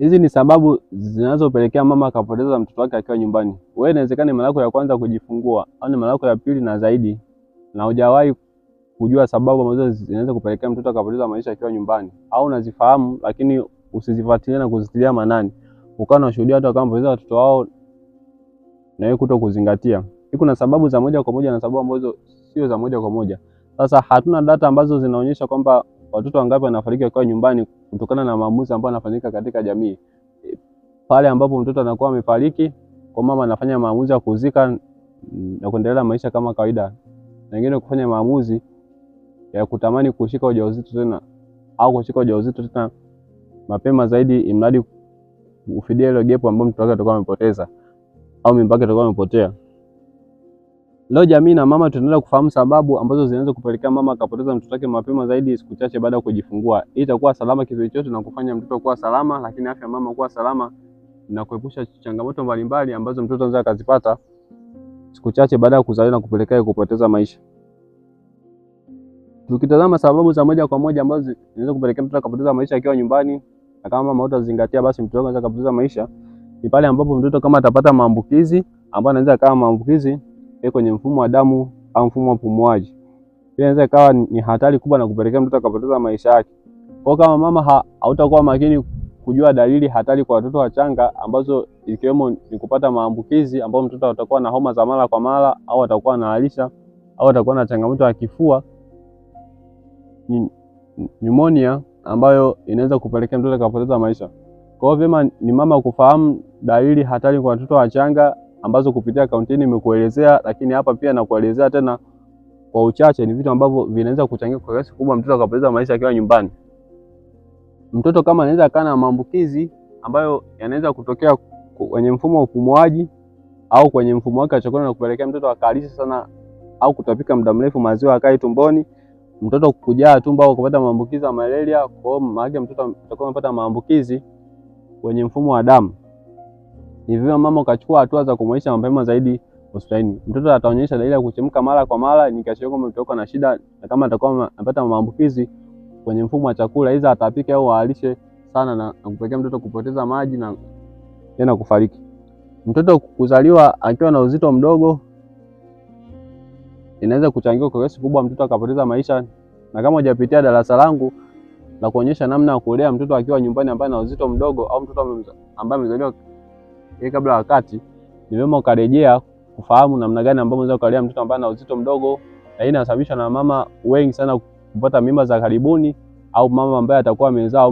Hizi ni sababu zinazopelekea mama akapoteza mtoto wake akiwa nyumbani. Wewe inawezekana mara yako ya kwanza kujifungua au ni mara yako ya pili na zaidi, na hujawahi kujua sababu ambazo zinaweza kupelekea mtoto akapoteza maisha akiwa nyumbani, au unazifahamu lakini usizifuatilia na kuzitilia maanani, ukawa unashuhudia watu wakampoteza watoto wao na wewe kuto kuzingatia. Kuna sababu za moja kwa moja na sababu ambazo sio za moja kwa moja. Sasa hatuna data ambazo zinaonyesha kwamba watoto wangapi wanafariki wakiwa nyumbani kutokana na maamuzi ambayo anafanyika katika jamii. Pale ambapo mtoto anakuwa amefariki, kwa mama anafanya maamuzi ya kuzika na kuendelea maisha kama kawaida, na wengine kufanya maamuzi ya kutamani kushika ujauzito tena au kushika ujauzito tena mapema zaidi, imradi ufidia ile gepo ambayo mtoto wake atakuwa amepoteza au mimba yake atakuwa amepotea. Leo jamii na mama tunaenda kufahamu sababu ambazo zinaweza kupelekea mama akapoteza mtoto wake mapema zaidi siku chache baada ya kujifungua. Hii itakuwa salama kizazi chote na kufanya mtoto kuwa salama, lakini afya mama kuwa salama na kuepusha changamoto mbalimbali ambazo mtoto anaweza akazipata siku chache baada ya kuzaliwa na kupelekea kupoteza maisha. Tukitazama sababu za moja kwa moja ambazo zinaweza kupelekea mtoto akapoteza maisha akiwa nyumbani, na kama mama hutazingatia, basi mtoto anaweza akapoteza maisha, ni pale ambapo mtoto kama atapata maambukizi ambayo anaweza kama maambukizi Eh, kwenye mfumo wa damu au mfumo wa pumuaji. Pia inaweza ikawa ni hatari kubwa na kupelekea mtoto akapoteza maisha yake. Kwa kama mama hautakuwa makini kujua dalili hatari kwa watoto wachanga ambazo ikiwemo ni kupata maambukizi ambayo mtoto atakuwa na homa za mara kwa mara au atakuwa na alisha au atakuwa na changamoto ya kifua, pneumonia ambayo inaweza kupelekea mtoto akapoteza maisha. Kwa hiyo vyema ni mama kufahamu dalili hatari kwa watoto wachanga ambazo kupitia akaunti hii nimekuelezea, lakini hapa pia nakuelezea tena kwa uchache. Ni vitu ambavyo vinaweza kuchangia kwa kiasi kubwa mtoto akapoteza maisha akiwa nyumbani. Mtoto kama anaweza akaa na maambukizi ambayo yanaweza kutokea kwenye mfumo wa upumuaji au kwenye mfumo wake wa chakula na kupelekea mtoto akalisha sana au kutapika muda mrefu, maziwa akai tumboni, mtoto kujaa tumbo au kupata maambukizi ya malaria. Kwa hiyo mtoto atakuwa amepata maambukizi kwenye mfumo wa damu. Ni vyema mama ukachukua hatua za kumwonyesha mapema zaidi hospitalini. Mtoto ataonyesha dalili ya kuchemka mara kwa mara, ni kiashiria kwamba mtoto ana shida, na kama atakuwa anapata maambukizi kwenye mfumo wa chakula, aidha atapika au aalishe sana na, na kupelekea mtoto kupoteza maji na tena kufariki. Mtoto kuzaliwa akiwa na uzito mdogo inaweza kuchangia kwa kiasi kubwa mtoto akapoteza maisha, na kama hujapitia darasa langu la kuonyesha namna ya kulea mtoto akiwa nyumbani ambaye na uzito mdogo au mtoto ambaye amezaliwa ye kabla wakati, ni vyema ukarejea kufahamu namna gani ambavyo unaweza kulea mtoto ambaye ana uzito mdogo, na hii inasababishwa na mama wengi sana kupata mimba za karibuni au mama ambaye atakuwa amezaa